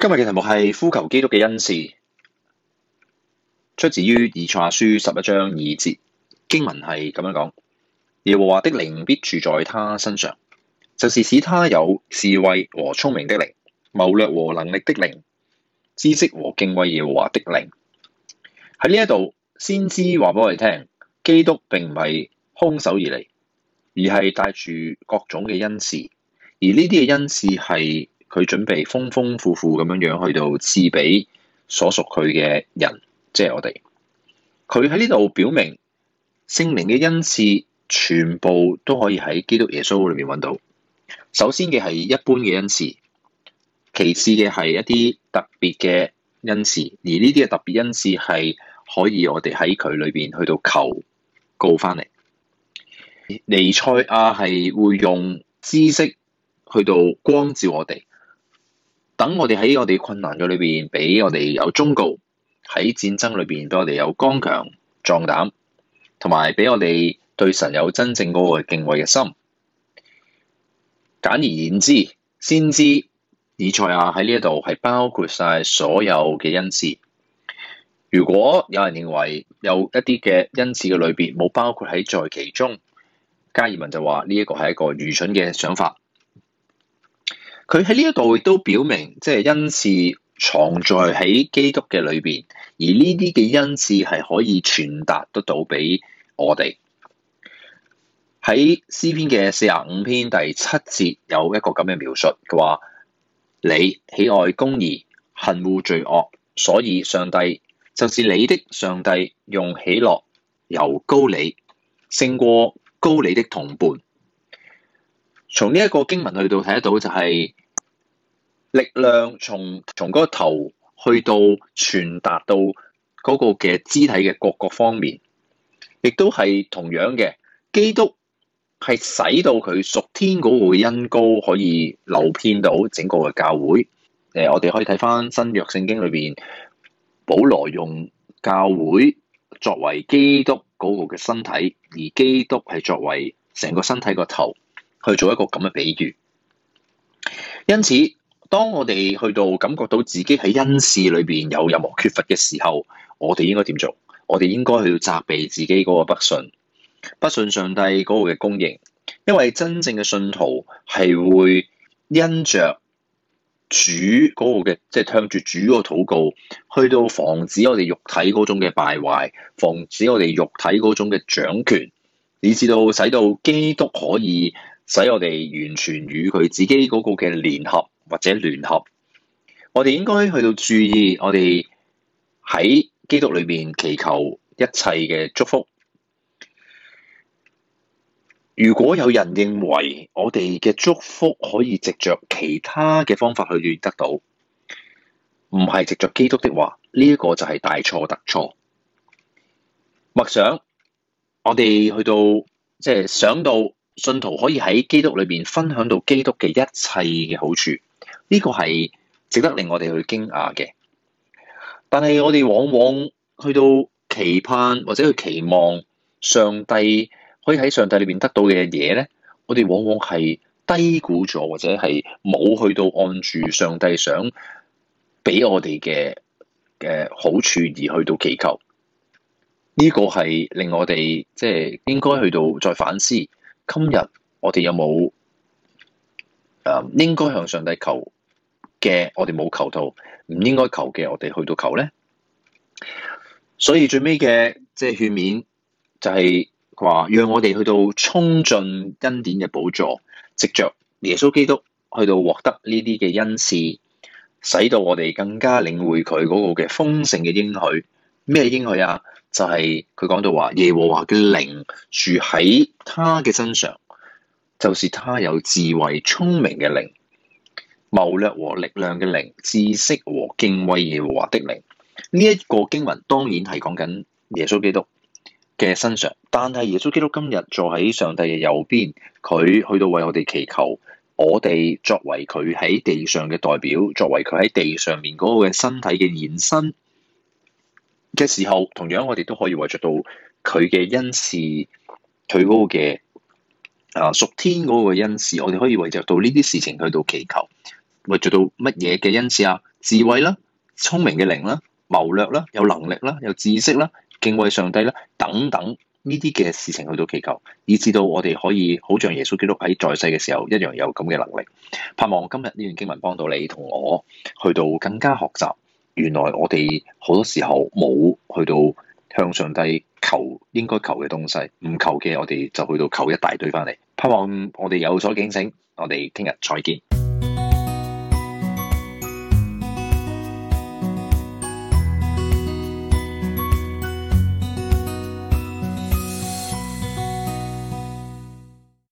今日嘅題目係呼求基督嘅恩賜，出自於以賽亞書十一章二節經文係咁樣講：耶和華的靈必住在他身上，就是使他有智慧和聰明的靈、謀略和能力的靈、知識和敬畏耶和華的靈。喺呢一度，先知話俾我哋聽，基督並唔係空手而嚟，而係帶住各種嘅恩賜，而呢啲嘅恩賜係。佢準備豐豐富富咁樣樣去到賜俾所屬佢嘅人，即係我哋。佢喺呢度表明，聖靈嘅恩賜全部都可以喺基督耶穌裏面揾到。首先嘅係一般嘅恩賜，其次嘅係一啲特別嘅恩賜，而呢啲嘅特別恩賜係可以我哋喺佢裏邊去到求告翻嚟。彌賽亞係會用知識去到光照我哋。等我哋喺我哋困難嘅裏邊，俾我哋有忠告；喺戰爭裏邊，俾我哋有剛強壯膽，同埋俾我哋對神有真正嗰個敬畏嘅心。簡而言之，先知以賽亞喺呢一度係包括晒所有嘅恩賜。如果有人認為有一啲嘅恩賜嘅類別冇包括喺在，在其中，加爾文就話呢一個係一個愚蠢嘅想法。佢喺呢一度亦都表明，即係恩賜藏在喺基督嘅裏邊，而呢啲嘅恩賜係可以傳達得到俾我哋。喺詩篇嘅四十五篇第七節有一個咁嘅描述，佢話你喜愛公義，恨惡罪惡，所以上帝就是你的上帝，用喜樂油膏你勝過膏你的同伴。從呢一個經文去到睇得到，就係力量從從嗰個頭去到傳達到嗰個嘅肢體嘅各個方面，亦都係同樣嘅。基督係使到佢屬天嗰個恩膏可以流遍到整個嘅教會。誒，我哋可以睇翻新約聖經裏邊，保羅用教會作為基督嗰個嘅身體，而基督係作為成個身體個頭去做一個咁嘅比喻，因此當我哋去到感覺到自己喺恩賜裏邊有任何缺乏嘅時候，我哋應該點做？我哋應該去到責備自己嗰個不信，不信上帝嗰個嘅公義，因為真正嘅信徒係會因着主嗰個嘅，即係向住主嗰個禱告，去到防止我哋肉體嗰種嘅敗壞，防止我哋肉體嗰種嘅掌權，以至到使到基督可以，使我哋完全與佢自己嗰個嘅聯合或者聯合，我哋應該去到注意，我哋喺基督裏面祈求一切嘅祝福。如果有人認為我哋嘅祝福可以藉着其他嘅方法去得到，唔係藉着基督的話，呢、這、一個就係大錯特錯。默想，我哋去到即係、就是、想到。信徒可以喺基督裏邊分享到基督嘅一切嘅好處，呢個係值得令我哋去驚訝嘅。但係我哋往往去到期盼或者去期望上帝可以喺上帝裏邊得到嘅嘢咧，我哋往往係低估咗，或者係冇去到按住上帝想俾我哋嘅嘅好處而去到祈求。呢個係令我哋即係應該去到再反思。今日我哋有冇誒、呃、應該向上帝求嘅？我哋冇求到，唔應該求嘅，我哋去到求咧。所以最尾嘅即係勸勉，就係話讓我哋去到衝進恩典嘅寶座，藉着耶穌基督去到獲得呢啲嘅恩賜，使到我哋更加領會佢嗰個嘅豐盛嘅應許。咩應許啊？就係佢講到話，耶和華嘅靈住喺他嘅身上，就是他有智慧、聰明嘅靈、謀略和力量嘅靈、知識和敬畏耶和華的靈。呢一個經文當然係講緊耶穌基督嘅身上，但係耶穌基督今日坐喺上帝嘅右邊，佢去到為我哋祈求，我哋作為佢喺地上嘅代表，作為佢喺地上面嗰個嘅身體嘅延伸。嘅時候，同樣我哋都可以為着到佢嘅恩賜，佢嗰嘅啊屬天嗰個恩賜，我哋可以為着到呢啲事情去到祈求，為著到乜嘢嘅恩賜啊，智慧啦、聰明嘅靈啦、謀略啦、有能力啦、有知識啦、敬畏上帝啦等等呢啲嘅事情去到祈求，以致到我哋可以好像耶穌基督喺在世嘅時候一樣有咁嘅能力。盼望今日呢段經文幫到你同我去到更加學習。原來我哋好多時候冇去到向上帝求應該求嘅東西，唔求嘅我哋就去到求一大堆翻嚟。盼望我哋有所警醒，我哋聽日再見。